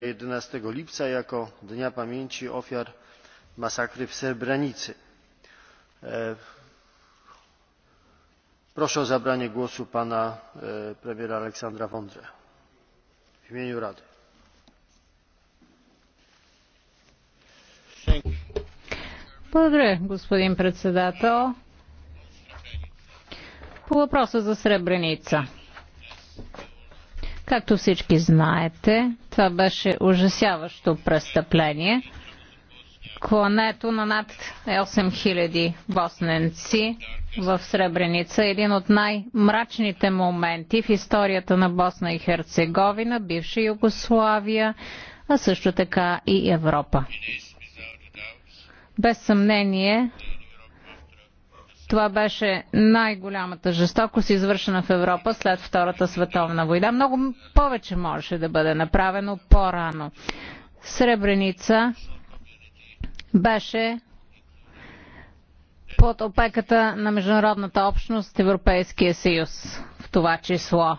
jedenaście lipca jako dnia pamięci ofiar masakry w srebrenicy. proszę o zabranie głosu pana premiera aleksandra vondrę w imieniu rady. Благодаря, господин председател. По въпроса за Сребреница. Както всички знаете, това беше ужасяващо престъпление. Клането на над 8000 босненци в Сребреница е един от най-мрачните моменти в историята на Босна и Херцеговина, бивша Югославия, а също така и Европа. Без съмнение, това беше най-голямата жестокост, извършена в Европа след Втората световна война. Много повече можеше да бъде направено по-рано. Сребреница беше под опеката на международната общност Европейския съюз в това число.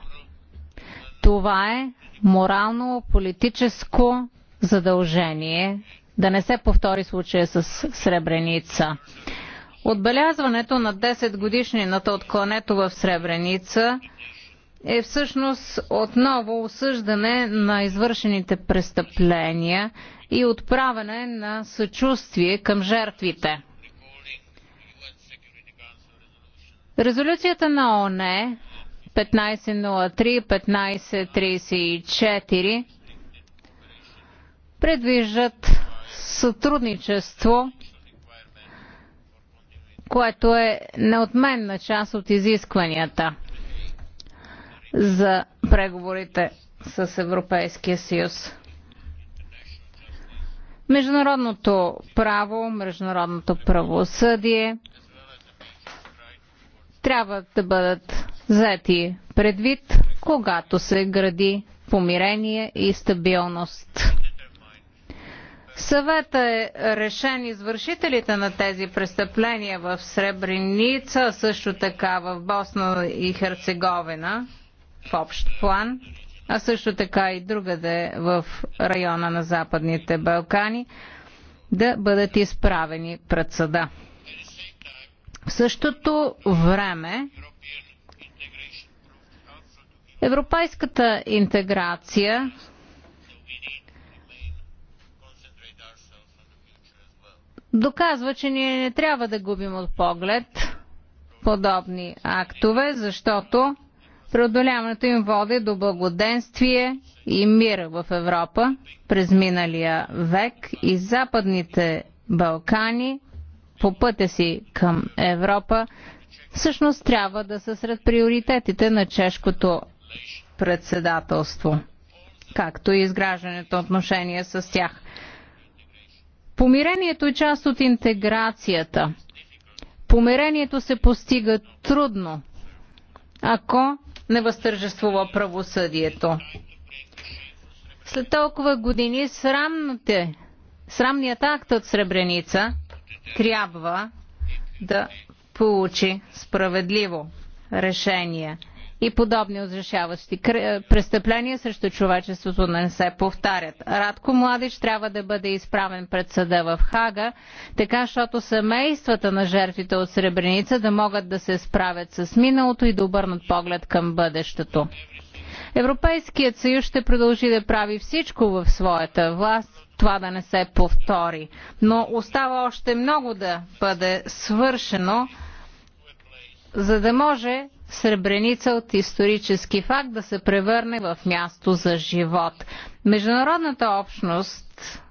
Това е морално-политическо задължение да не се повтори случая с Сребреница. Отбелязването на 10 годишнината от клането в Сребреница е всъщност отново осъждане на извършените престъпления и отправяне на съчувствие към жертвите. Резолюцията на ОНЕ 1503-1534 предвиждат сътрудничество което е неотменна част от изискванията за преговорите с Европейския съюз. Международното право, международното правосъдие трябва да бъдат взети предвид, когато се гради помирение и стабилност. Съвета е решен извършителите на тези престъпления в Сребреница, също така в Босна и Херцеговина в общ план, а също така и другаде в района на Западните Балкани, да бъдат изправени пред съда. В същото време европейската интеграция доказва, че ние не трябва да губим от поглед подобни актове, защото преодоляването им води до благоденствие и мир в Европа през миналия век и Западните Балкани по пътя си към Европа всъщност трябва да са сред приоритетите на чешкото председателство, както и изграждането отношения с тях. Помирението е част от интеграцията. Помирението се постига трудно, ако не възтържествува правосъдието. След толкова години срамните, срамният акт от Сребреница трябва да получи справедливо решение и подобни озрешаващи е, престъпления срещу човечеството не се повтарят. Радко Младич трябва да бъде изправен пред съда в Хага, така защото семействата на жертвите от Сребреница да могат да се справят с миналото и да обърнат поглед към бъдещето. Европейският съюз ще продължи да прави всичко в своята власт, това да не се повтори. Но остава още много да бъде свършено, за да може Сребреница от исторически факт да се превърне в място за живот. Международната общност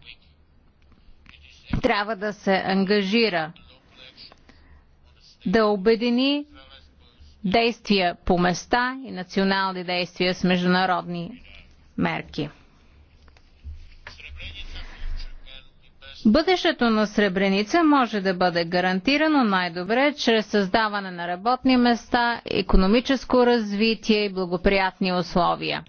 трябва да се ангажира да обедини действия по места и национални действия с международни мерки. Бъдещето на Сребреница може да бъде гарантирано най-добре чрез създаване на работни места, економическо развитие и благоприятни условия.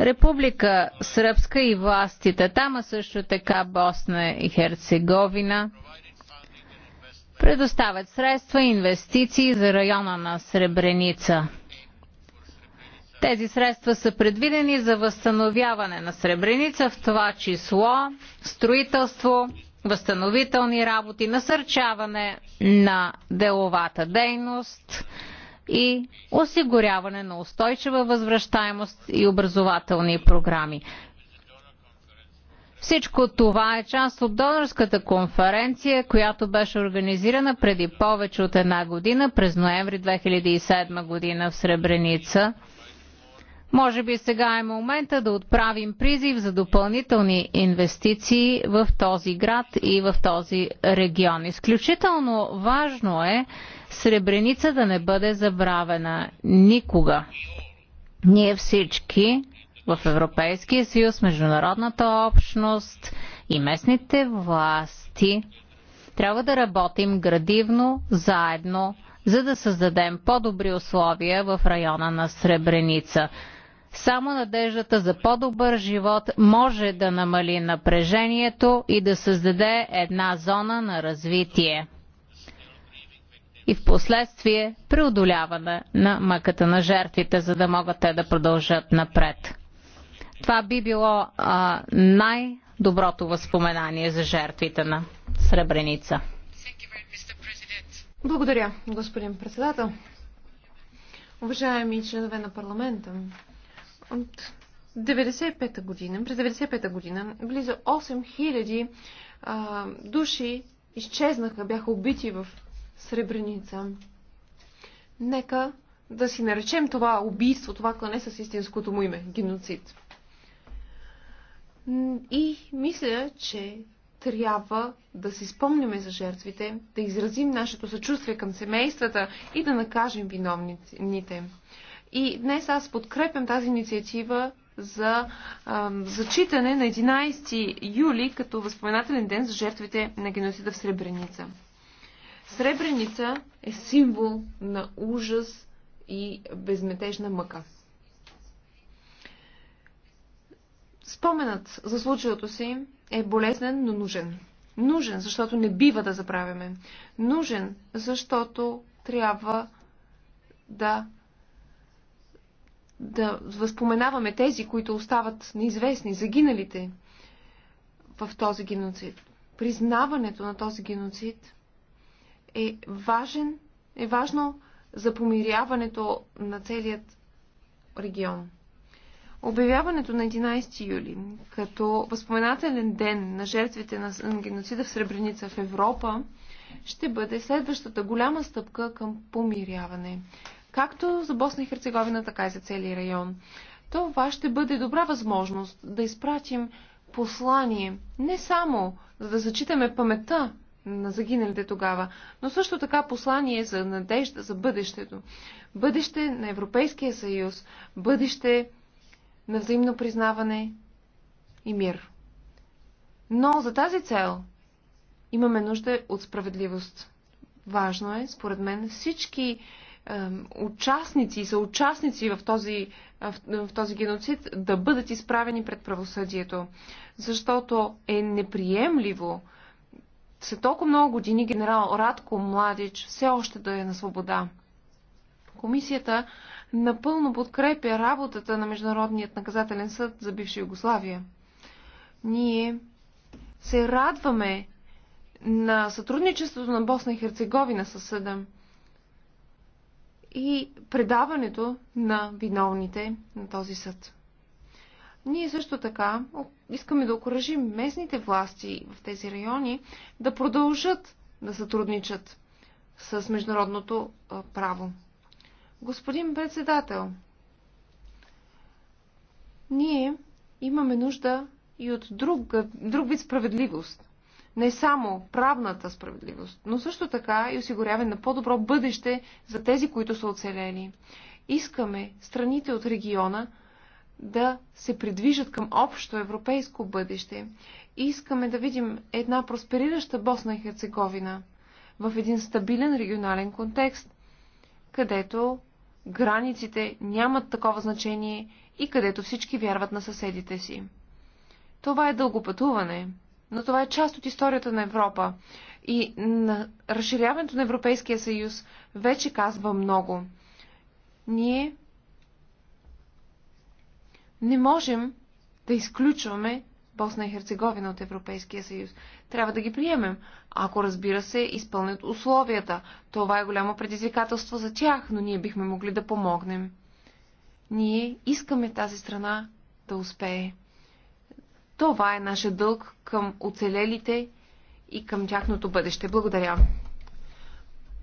Република Сръбска и властите там, а също така Босна и Херцеговина, предоставят средства и инвестиции за района на Сребреница. Тези средства са предвидени за възстановяване на Сребреница, в това число строителство, възстановителни работи, насърчаване на деловата дейност и осигуряване на устойчива възвръщаемост и образователни програми. Всичко това е част от донорската конференция, която беше организирана преди повече от една година, през ноември 2007 година в Сребреница – може би сега е момента да отправим призив за допълнителни инвестиции в този град и в този регион. Изключително важно е Сребреница да не бъде забравена никога. Ние всички в Европейския съюз, международната общност и местните власти трябва да работим градивно, заедно, за да създадем по-добри условия в района на Сребреница. Само надеждата за по-добър живот може да намали напрежението и да създаде една зона на развитие и в последствие преодоляване на мъката на жертвите, за да могат те да продължат напред. Това би било най-доброто възпоменание за жертвите на Сребреница. Благодаря, господин председател. Уважаеми членове на парламента, от 95-та година, през 95-та година, близо 8000 а, души изчезнаха, бяха убити в Сребреница. Нека да си наречем това убийство, това клане с истинското му име геноцид. И мисля, че трябва да си спомняме за жертвите, да изразим нашето съчувствие към семействата и да накажем виновните. И днес аз подкрепям тази инициатива за а, зачитане на 11 юли като възпоменателен ден за жертвите на геноцида в Сребреница. Сребреница е символ на ужас и безметежна мъка. Споменът за случилото си е болезнен, но нужен. Нужен, защото не бива да забравяме. Нужен, защото трябва да да възпоменаваме тези, които остават неизвестни, загиналите в този геноцид. Признаването на този геноцид е важен, е важно за помиряването на целият регион. Обявяването на 11 юли като възпоменателен ден на жертвите на геноцида в Сребреница в Европа ще бъде следващата голяма стъпка към помиряване както за Босна и Херцеговина, така и за цели район. Това ще бъде добра възможност да изпратим послание не само за да зачитаме паметта на загиналите тогава, но също така послание за надежда за бъдещето. Бъдеще на Европейския съюз, бъдеще на взаимно признаване и мир. Но за тази цел имаме нужда от справедливост. Важно е, според мен, всички участници и съучастници в този, в този геноцид да бъдат изправени пред правосъдието. Защото е неприемливо след толкова много години генерал Радко Младич все още да е на свобода. Комисията напълно подкрепя работата на Международният наказателен съд за бивша Югославия. Ние се радваме на сътрудничеството на Босна и Херцеговина със съда и предаването на виновните на този съд. Ние също така искаме да окоръжим местните власти в тези райони да продължат да сътрудничат с международното право. Господин председател, ние имаме нужда и от друг, друг вид справедливост не само правната справедливост, но също така и осигуряване на по-добро бъдеще за тези, които са оцелели. Искаме страните от региона да се придвижат към общо европейско бъдеще. Искаме да видим една просперираща Босна и Херцеговина в един стабилен регионален контекст, където границите нямат такова значение и където всички вярват на съседите си. Това е дълго пътуване – но това е част от историята на Европа. И на разширяването на Европейския съюз вече казва много. Ние не можем да изключваме Босна и Херцеговина от Европейския съюз. Трябва да ги приемем, ако разбира се изпълнят условията. Това е голямо предизвикателство за тях, но ние бихме могли да помогнем. Ние искаме тази страна да успее. Това е нашия дълг към оцелелите и към тяхното бъдеще. Благодаря.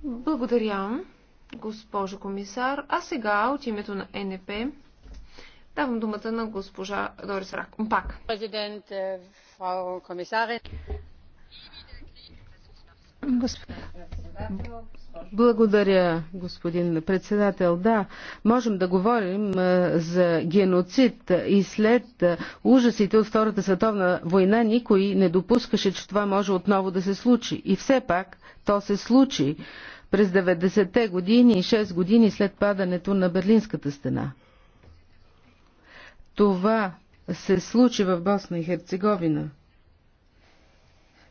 Благодаря, госпожо комисар. А сега от името на НП давам думата на госпожа Дорис Рак. Пак. Президент, е, фрау комисаре. Господин благодаря, господин председател. Да, можем да говорим за геноцид и след ужасите от Втората световна война никой не допускаше, че това може отново да се случи. И все пак то се случи през 90-те години и 6 години след падането на Берлинската стена. Това се случи в Босна и Херцеговина.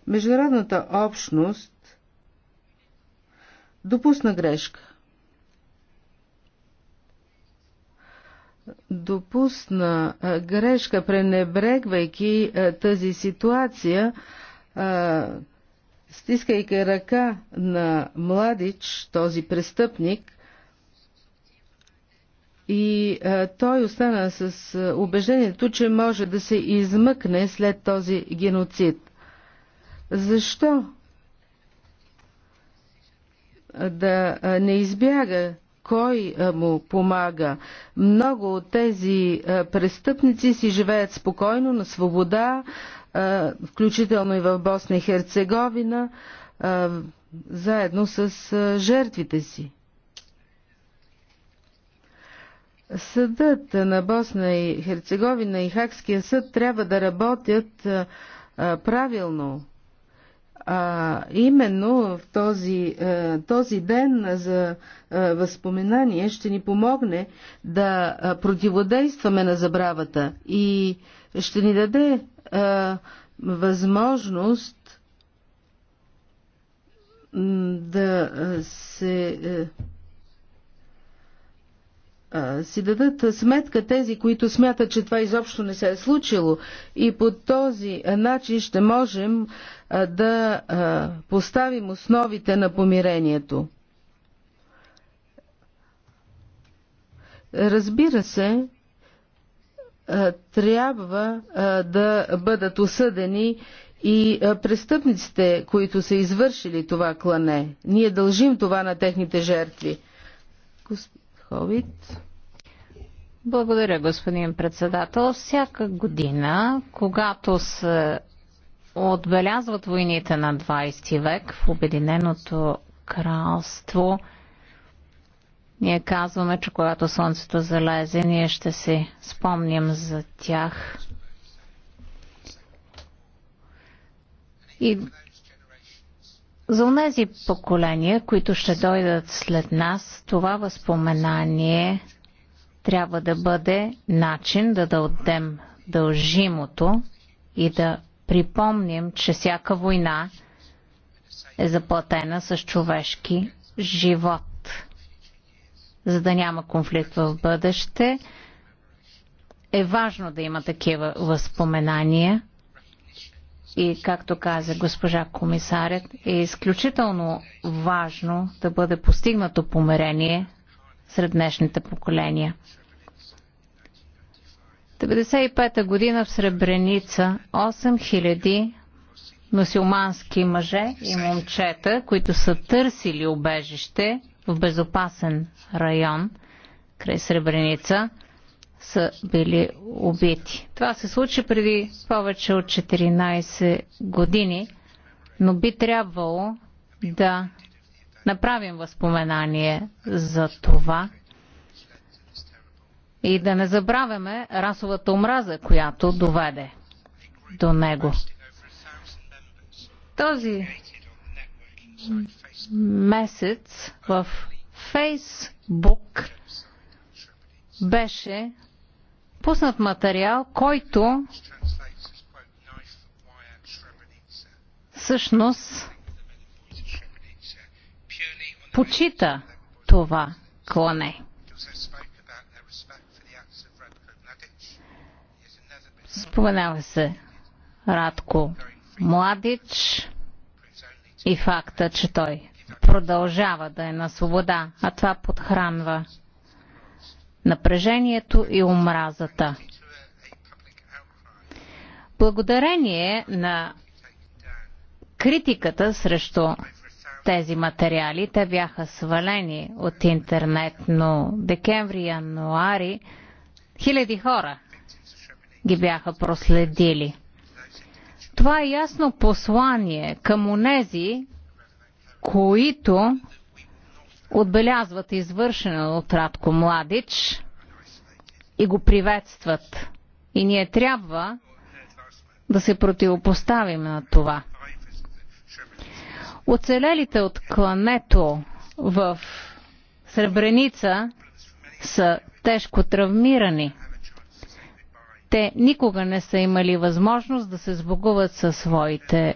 Международната общност допусна грешка. допусна грешка, пренебрегвайки тази ситуация, стискайки ръка на младич, този престъпник, и той остана с убеждението, че може да се измъкне след този геноцид. Защо да не избяга кой му помага. Много от тези престъпници си живеят спокойно, на свобода, включително и в Босна и Херцеговина, заедно с жертвите си. Съдът на Босна и Херцеговина и Хакския съд трябва да работят правилно. А именно в този, е, този ден за е, възпоменание ще ни помогне да е, противодействаме на забравата и ще ни даде възможност да се си дадат сметка тези, които смятат, че това изобщо не се е случило. И по този начин ще можем да поставим основите на помирението. Разбира се, трябва да бъдат осъдени и престъпниците, които са извършили това клане. Ние дължим това на техните жертви. Господи. COVID. Благодаря, господин председател. Всяка година, когато се отбелязват войните на 20 век в Обединеното кралство, ние казваме, че когато слънцето залезе, ние ще се спомним за тях. И за онези поколения, които ще дойдат след нас, това възпоменание трябва да бъде начин да дадем дължимото и да припомним, че всяка война е заплатена с човешки живот. За да няма конфликт в бъдеще, е важно да има такива възпоменания – и както каза госпожа комисарят, е изключително важно да бъде постигнато померение сред днешните поколения. 95-та година в Сребреница 8000 мусулмански мъже и момчета, които са търсили убежище в безопасен район край Сребреница, са били убити. Това се случи преди повече от 14 години, но би трябвало да направим възпоменание за това и да не забравяме расовата омраза, която доведе до него. Този месец в Фейсбук беше пуснат материал, който всъщност почита това клане. Споменава се Радко Младич и факта, че той продължава да е на свобода, а това подхранва напрежението и омразата. Благодарение на критиката срещу тези материали, те бяха свалени от интернет, но декември-януари хиляди хора ги бяха проследили. Това е ясно послание към онези, които отбелязват извършена от Радко Младич и го приветстват. И ние трябва да се противопоставим на това. Оцелелите от клането в Сребреница са тежко травмирани. Те никога не са имали възможност да се сбогуват със своите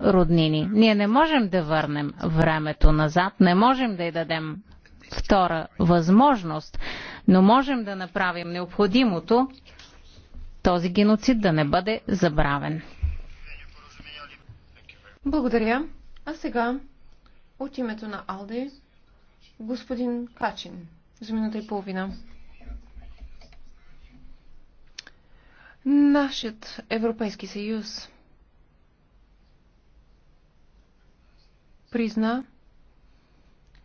роднини. Ние не можем да върнем времето назад, не можем да й дадем втора възможност, но можем да направим необходимото този геноцид да не бъде забравен. Благодаря. А сега от името на Алде господин Качин за минута и половина. Нашият Европейски съюз призна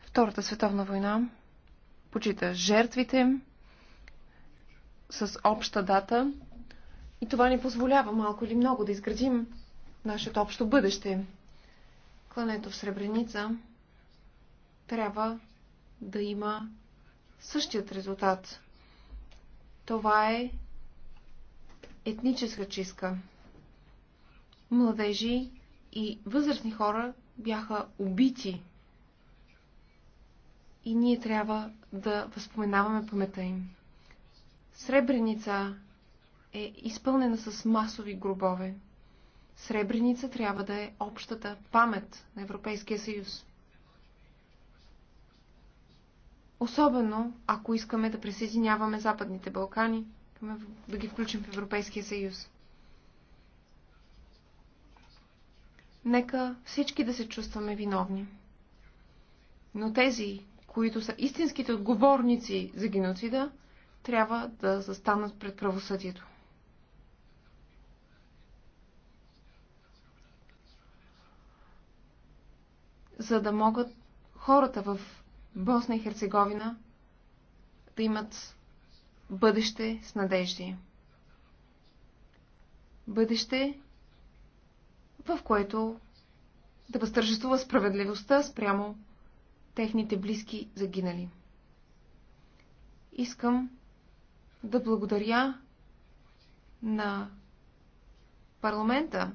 Втората световна война, почита жертвите с обща дата и това ни позволява малко или много да изградим нашето общо бъдеще. Клането в Сребреница трябва да има същият резултат. Това е етническа чистка. Младежи и възрастни хора бяха убити. И ние трябва да възпоменаваме памета им. Сребреница е изпълнена с масови гробове. Сребреница трябва да е общата памет на Европейския съюз. Особено ако искаме да присъединяваме Западните Балкани, да ги включим в Европейския съюз. Нека всички да се чувстваме виновни. Но тези, които са истинските отговорници за геноцида, трябва да застанат пред правосъдието. За да могат хората в Босна и Херцеговина да имат бъдеще с надежди. Бъдеще, в което да възтържествува справедливостта спрямо техните близки загинали. Искам да благодаря на парламента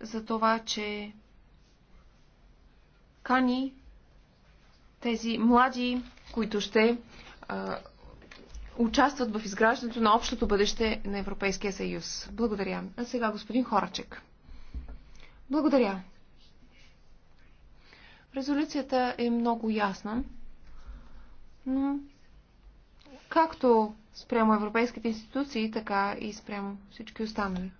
за това, че кани тези млади, които ще а, участват в изграждането на общото бъдеще на Европейския съюз. Благодаря. А сега господин Хорачек. Благодаря. Резолюцията е много ясна, но както спрямо европейските институции, така и спрямо всички останали.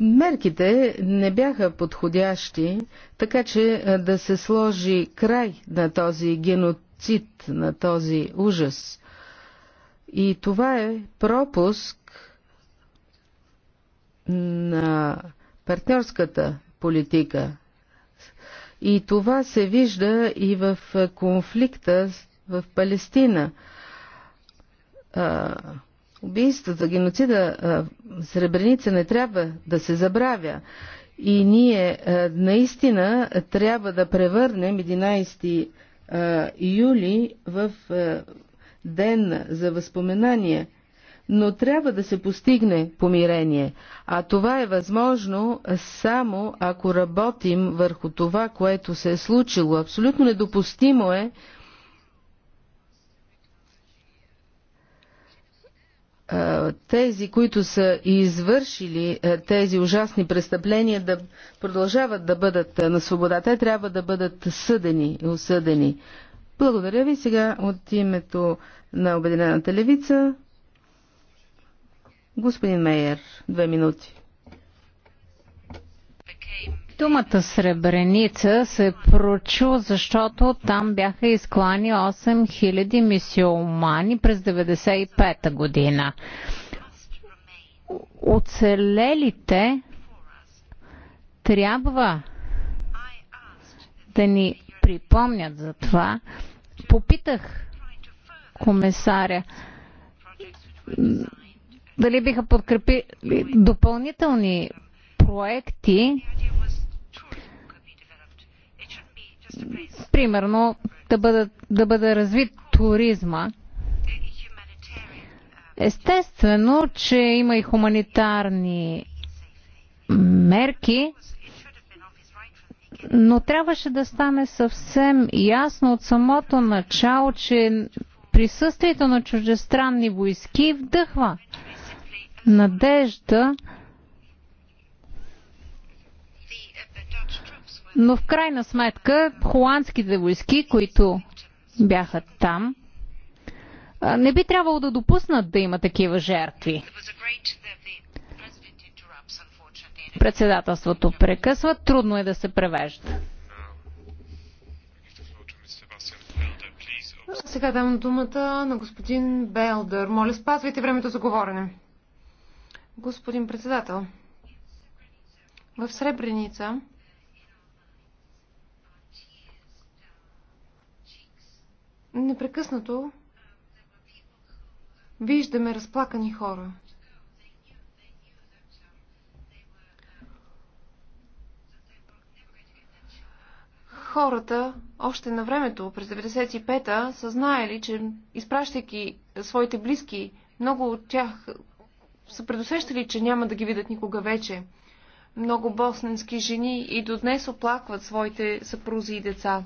Мерките не бяха подходящи, така че да се сложи край на този геноцид, на този ужас. И това е пропуск на партньорската политика. И това се вижда и в конфликта в Палестина. Убийствата, геноцида в Сребреница не трябва да се забравя. И ние наистина трябва да превърнем 11 юли в ден за възпоменание, но трябва да се постигне помирение, а това е възможно само ако работим върху това, което се е случило. Абсолютно недопустимо е тези, които са извършили тези ужасни престъпления, да продължават да бъдат на свобода. Те трябва да бъдат съдени, осъдени. Благодаря ви сега от името на Обединената левица. Господин Мейер, две минути. Думата Сребреница се прочу, защото там бяха изклани 8000 мисиомани през 1995 година. Оцелелите трябва да ни припомнят за това попитах комисаря дали биха подкрепили допълнителни проекти, примерно да, бъдат, да бъде развит туризма. Естествено, че има и хуманитарни мерки, но трябваше да стане съвсем ясно от самото начало, че присъствието на чуждестранни войски вдъхва надежда, но в крайна сметка холандските войски, които бяха там, не би трябвало да допуснат да има такива жертви. Председателството прекъсва, трудно е да се превежда. Сега давам думата на господин Белдър. Моля, спазвайте времето за говорене. Господин председател, в Сребреница непрекъснато виждаме разплакани хора. хората още на времето, през 95-та, са знаели, че изпращайки своите близки, много от тях са предусещали, че няма да ги видят никога вече. Много босненски жени и до днес оплакват своите съпрузи и деца.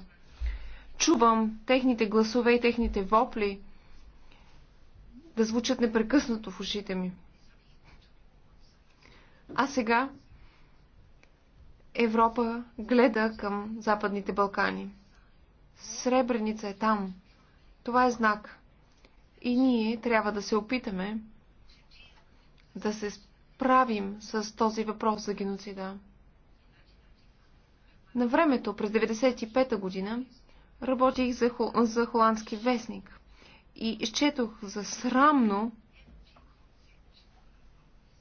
Чувам техните гласове и техните вопли да звучат непрекъснато в ушите ми. А сега Европа гледа към Западните Балкани. Сребреница е там. Това е знак. И ние трябва да се опитаме да се справим с този въпрос за геноцида. На времето, през 1995 година, работих за, хол... за холандски вестник и изчетох за срамно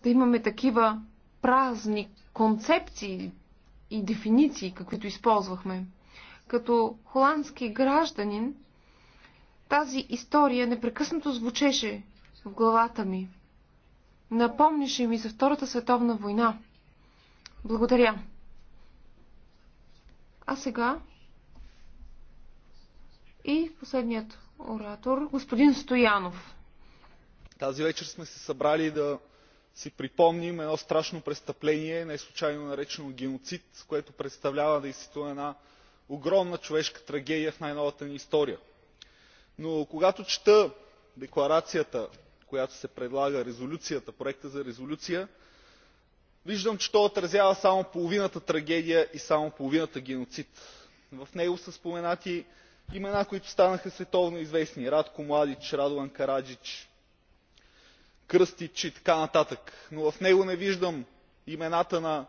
да имаме такива празни концепции, и дефиниции, каквито използвахме. Като холандски гражданин, тази история непрекъснато звучеше в главата ми. Напомняше ми за Втората световна война. Благодаря. А сега и последният оратор, господин Стоянов. Тази вечер сме се събрали да си припомним едно страшно престъпление не случайно наречено геноцид което представлява действително една огромна човешка трагедия в най новата ни история. но когато чета декларацията която се предлага резолюцията, проекта за резолюция виждам че то отразява само половината трагедия и само половината геноцид. в него са споменати имена които станаха световно известни радко младич радоан караджич кръстич и така нататък но в него не виждам имената на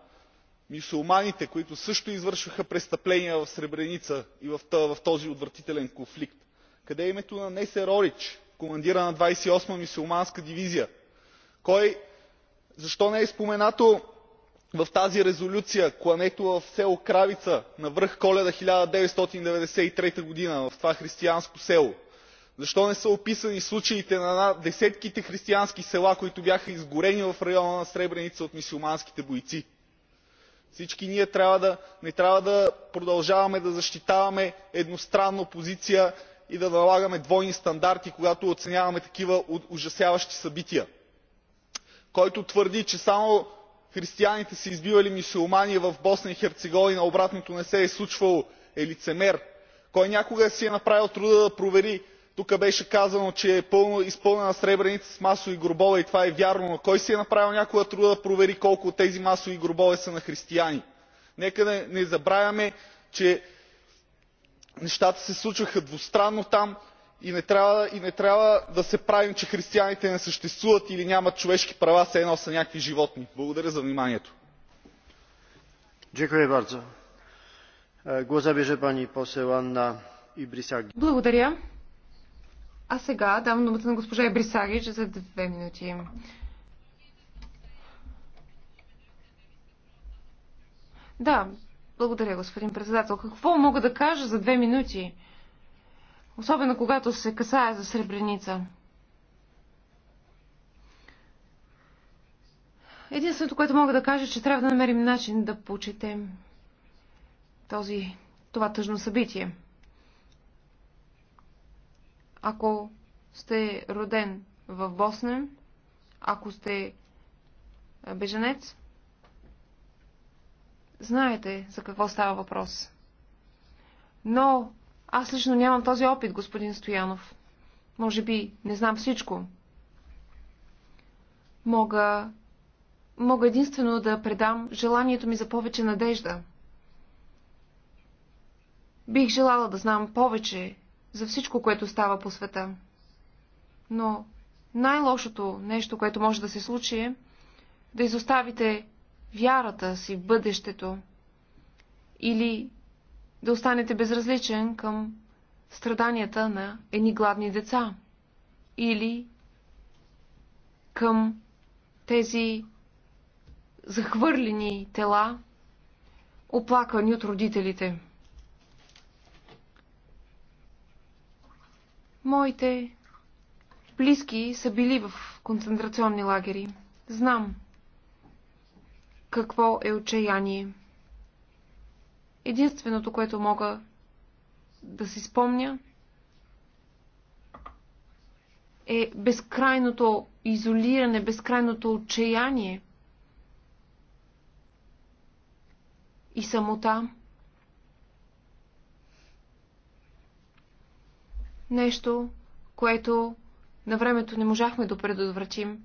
мюсюлманите които също извършваха престъпления в сребреница и в този отвратителен конфликт. къде е името на несе рорич командира на двадесет и осма мюсюлманска дивизия? защо не е споменато в тази резолюция клането в село кравица на връх коледа хиляда деветстотин деветдесет и трета г. в това християнско село? защо не са описани случаите на десетките християнски села които бяха изгорени в района на сребреница от мюсюлманските бойци? всички ние не трябва да продължаваме да защитаваме едностранно позиция и да налагаме двойни стандарти когато оценяваме такива ужасяващи събития. който твърди че само християните са избивали мюсюлмани в босна и херцеговина обратното не се е случвало е лицемер. кой някога си е направил труда да провери тук беше казано че е изпълнена сребреница с масови гробове и това е вярно но кой си е направил някога труда да провери колко от тези масови гробове са на християни? нека не забравяме че нещата се случваха двустранно там и не трябва да се правим че християните не съществуват или нямат човешки права все едно са някакви животни. благодаря за вниманието. благодаря. А сега давам думата на госпожа Ебрисагич за две минути. Да, благодаря, господин председател. Какво мога да кажа за две минути? Особено когато се касае за Сребреница. Единственото, което мога да кажа, е, че трябва да намерим начин да почетем този, това тъжно събитие. Ако сте роден в Босна, ако сте беженец, знаете за какво става въпрос. Но аз лично нямам този опит, господин Стоянов. Може би не знам всичко. Мога... Мога единствено да предам желанието ми за повече надежда. Бих желала да знам повече за всичко, което става по света. Но най-лошото нещо, което може да се случи е да изоставите вярата си, в бъдещето или да останете безразличен към страданията на едни гладни деца или към тези захвърлени тела, оплакани от родителите. Моите близки са били в концентрационни лагери. Знам какво е отчаяние. Единственото, което мога да си спомня, е безкрайното изолиране, безкрайното отчаяние и самота. нещо, което на времето не можахме да предотвратим.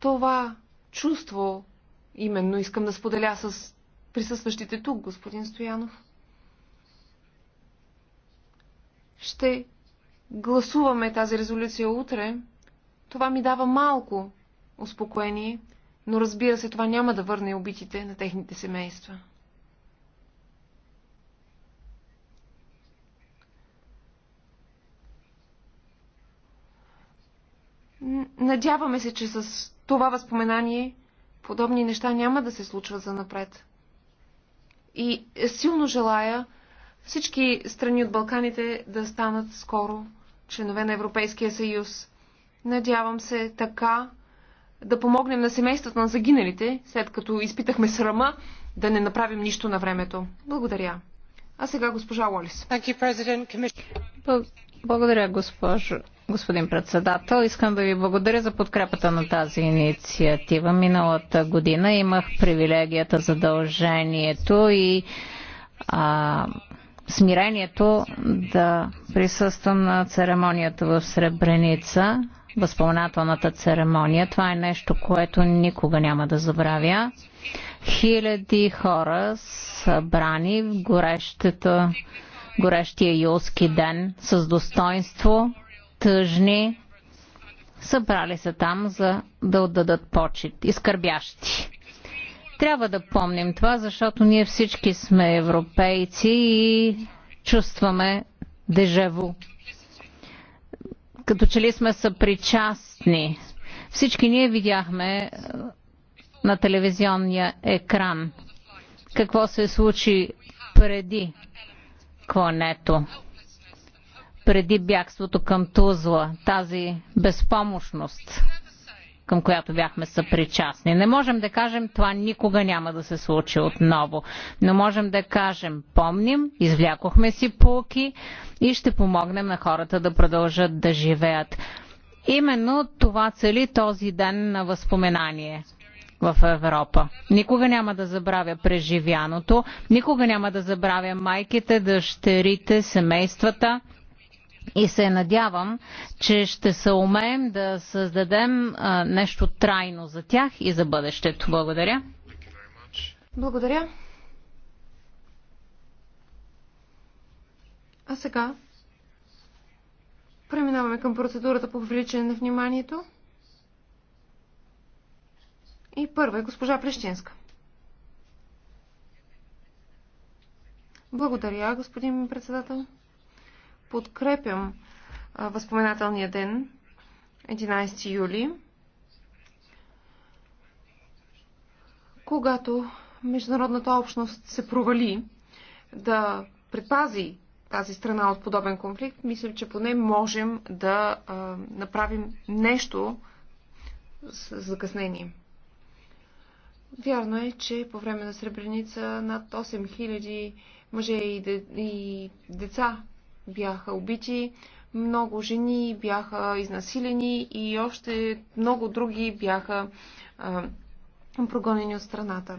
Това чувство именно искам да споделя с присъстващите тук, господин Стоянов. Ще гласуваме тази резолюция утре. Това ми дава малко успокоение, но разбира се, това няма да върне убитите на техните семейства. Надяваме се, че с това възпоменание подобни неща няма да се случват за напред. И силно желая всички страни от Балканите да станат скоро членове на Европейския съюз. Надявам се така да помогнем на семействата на загиналите, след като изпитахме срама, да не направим нищо на времето. Благодаря. А сега госпожа Уолис. Благодаря, госпожо Господин председател, искам да ви благодаря за подкрепата на тази инициатива. Миналата година имах привилегията, задължението и а, смирението да присъствам на церемонията в Сребреница, възпоменателната церемония. Това е нещо, което никога няма да забравя. Хиляди хора са брани в горещата горещия юлски ден с достоинство, тъжни, събрали се там за да отдадат почет, изкърбящи. Трябва да помним това, защото ние всички сме европейци и чувстваме дежаво. Като че ли сме съпричастни. Всички ние видяхме е, на телевизионния екран какво се случи преди клането преди бягството към Тузла, тази безпомощност, към която бяхме съпричастни. Не можем да кажем, това никога няма да се случи отново, но можем да кажем, помним, извлякохме си пулки и ще помогнем на хората да продължат да живеят. Именно това цели този ден на възпоменание в Европа. Никога няма да забравя преживяното, никога няма да забравя майките, дъщерите, семействата, и се надявам, че ще се умеем да създадем а, нещо трайно за тях и за бъдещето. Благодаря. Благодаря. А сега преминаваме към процедурата по увеличение на вниманието. И първа е госпожа Плещинска. Благодаря, господин председател подкрепям възпоменателния ден, 11 юли, когато международната общност се провали да предпази тази страна от подобен конфликт, мисля, че поне можем да а, направим нещо с закъснение. Вярно е, че по време на Сребреница над 8000 мъже и, де, и деца бяха убити, много жени бяха изнасилени и още много други бяха а, прогонени от страната.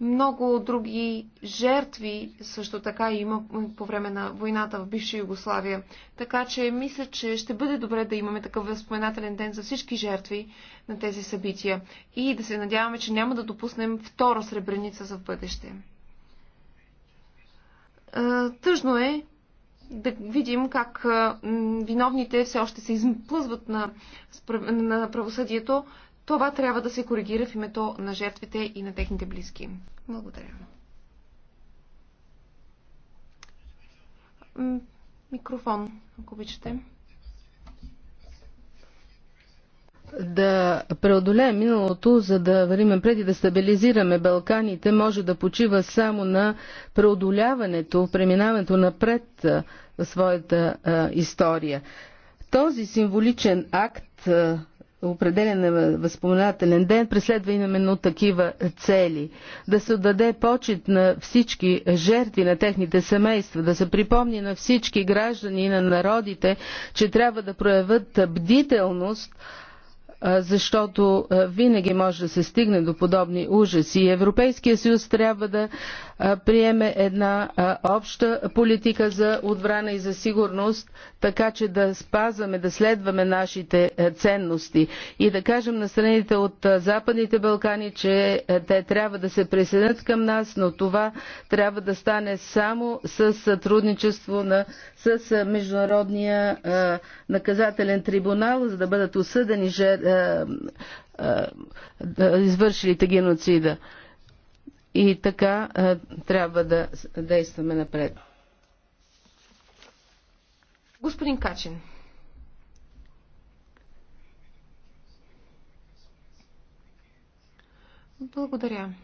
Много други жертви също така има по време на войната в бивша Югославия. Така че мисля, че ще бъде добре да имаме такъв възпоменателен ден за всички жертви на тези събития и да се надяваме, че няма да допуснем втора сребреница за в бъдеще. Тъжно е, да видим как виновните все още се изплъзват на, на правосъдието. Това трябва да се коригира в името на жертвите и на техните близки. Благодаря. Микрофон, ако обичате. да преодолеем миналото, за да вървим пред и да стабилизираме Балканите, може да почива само на преодоляването, преминаването напред в своята а, история. Този символичен акт, определен на възпоменателен ден, преследва именно такива цели. Да се отдаде почет на всички жертви, на техните семейства, да се припомни на всички граждани и на народите, че трябва да проявят бдителност, защото винаги може да се стигне до подобни ужаси. Европейския съюз трябва да приеме една обща политика за отбрана и за сигурност, така че да спазваме, да следваме нашите ценности и да кажем на страните от Западните Балкани, че те трябва да се присъединят към нас, но това трябва да стане само с сътрудничество на, с Международния наказателен трибунал, за да бъдат осъдени жертви е, е, е, извършилите геноцида. И така трябва да действаме напред. Господин Качин. Благодаря,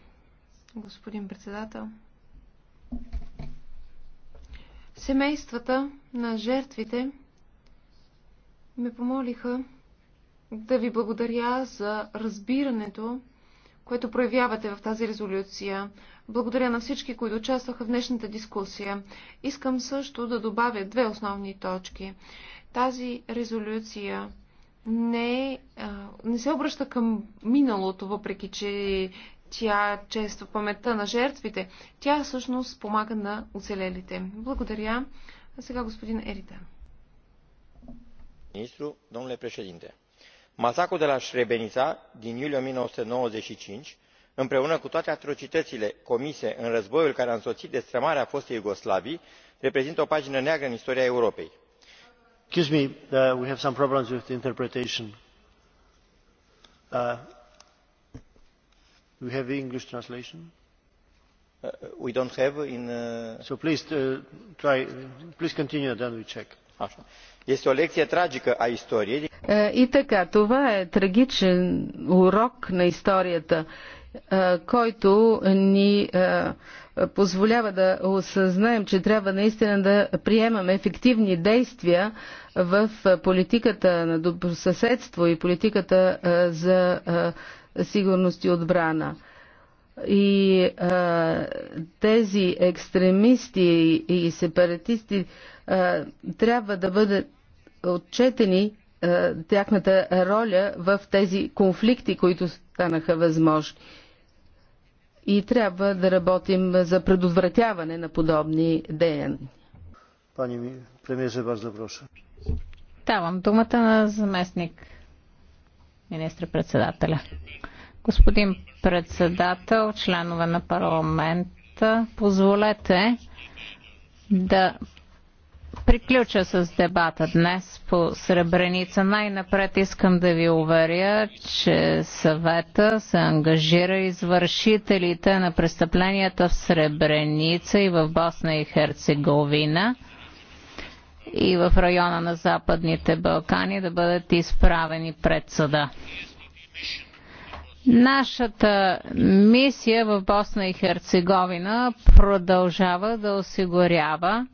господин председател. Семействата на жертвите ме помолиха да ви благодаря за разбирането, което проявявате в тази резолюция. Благодаря на всички, които участваха в днешната дискусия. Искам също да добавя две основни точки. Тази резолюция не, не се обръща към миналото, въпреки че тя често паметта на жертвите. Тя всъщност помага на оцелелите. Благодаря. А сега господин Ерита. Министру, домнule președinte masacrul de la srebrenica din iulie o mie nouă sute nouăzeci și cinci împreună cu toate atrocitățile comise în războiul care a însoțit destrămarea fostei iugoslavii reprezintă o pagină neagră în istoria europei. Е, и така, това е трагичен урок на историята, е, който ни е, позволява да осъзнаем, че трябва наистина да приемаме ефективни действия в политиката на добросъседство и политиката за сигурност и отбрана. И а, тези екстремисти и сепаратисти а, трябва да бъдат отчетени а, тяхната роля в тези конфликти, които станаха възможни. И трябва да работим за предотвратяване на подобни деяния. Пани ми, премиер, за вас да Давам думата на заместник министр-председателя. Господин председател, членове на парламента, позволете да приключа с дебата днес по Сребреница. Най-напред искам да ви уверя, че съвета се ангажира извършителите на престъпленията в Сребреница и в Босна и Херцеговина и в района на Западните Балкани да бъдат изправени пред съда. Нашата мисия в Босна и Херцеговина продължава да осигурява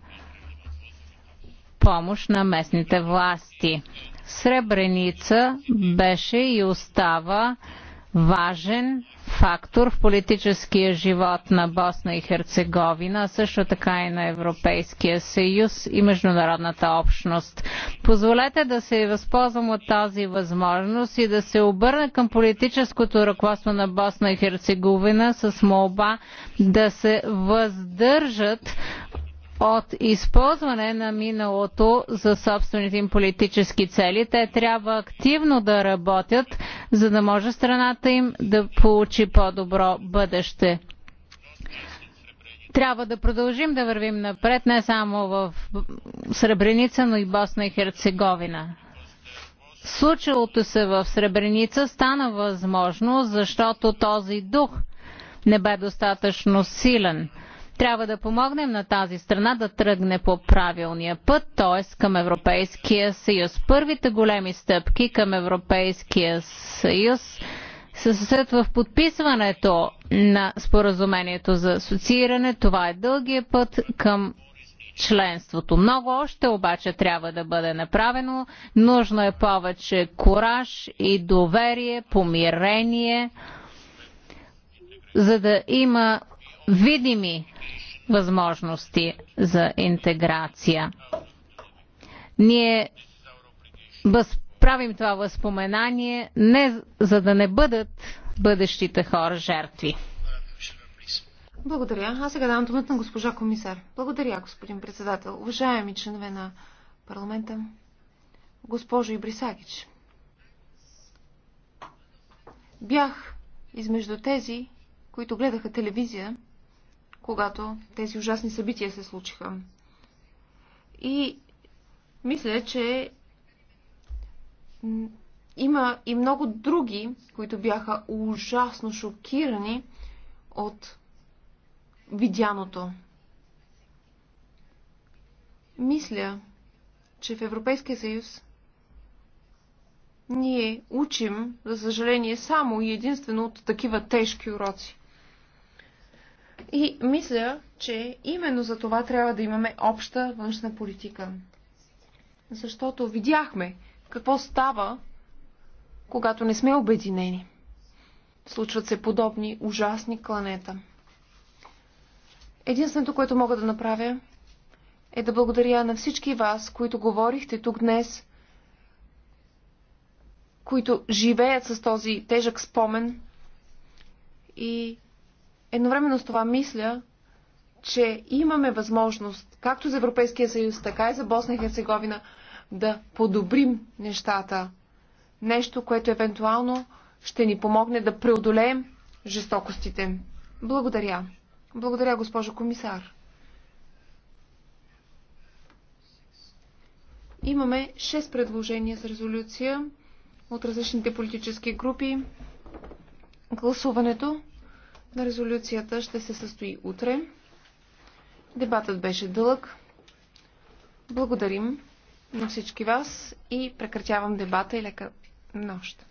помощ на местните власти. Сребреница беше и остава важен фактор в политическия живот на Босна и Херцеговина, а също така и на Европейския съюз и международната общност. Позволете да се възползвам от тази възможност и да се обърна към политическото ръководство на Босна и Херцеговина с молба да се въздържат от използване на миналото за собствените им политически цели. Те трябва активно да работят, за да може страната им да получи по-добро бъдеще. Трябва да продължим да вървим напред не само в Сребреница, но и Босна и Херцеговина. Случилото се в Сребреница стана възможно, защото този дух не бе достатъчно силен – трябва да помогнем на тази страна да тръгне по правилния път, т.е. към Европейския съюз. Първите големи стъпки към Европейския съюз се съсед в подписването на споразумението за асоцииране. Това е дългия път към членството. Много още обаче трябва да бъде направено. Нужно е повече кораж и доверие, помирение, за да има видими възможности за интеграция. Ние правим това възпоменание не за да не бъдат бъдещите хора жертви. Благодаря. Аз сега давам думата на госпожа комисар. Благодаря, господин председател. Уважаеми членове на парламента, госпожо Ибрисагич, бях измежду тези, които гледаха телевизия когато тези ужасни събития се случиха. И мисля, че има и много други, които бяха ужасно шокирани от видяното. Мисля, че в Европейския съюз ние учим, за съжаление, само и единствено от такива тежки уроци. И мисля, че именно за това трябва да имаме обща външна политика. Защото видяхме какво става, когато не сме обединени. Случват се подобни ужасни кланета. Единственото, което мога да направя, е да благодаря на всички вас, които говорихте тук днес, които живеят с този тежък спомен и Едновременно с това мисля, че имаме възможност, както за Европейския съюз, така и за Босна и Херцеговина, да подобрим нещата. Нещо, което евентуално ще ни помогне да преодолеем жестокостите. Благодаря. Благодаря, госпожо комисар. Имаме 6 предложения за резолюция от различните политически групи. Гласуването на резолюцията ще се състои утре. Дебатът беше дълъг. Благодарим на всички вас и прекратявам дебата и лека нощ.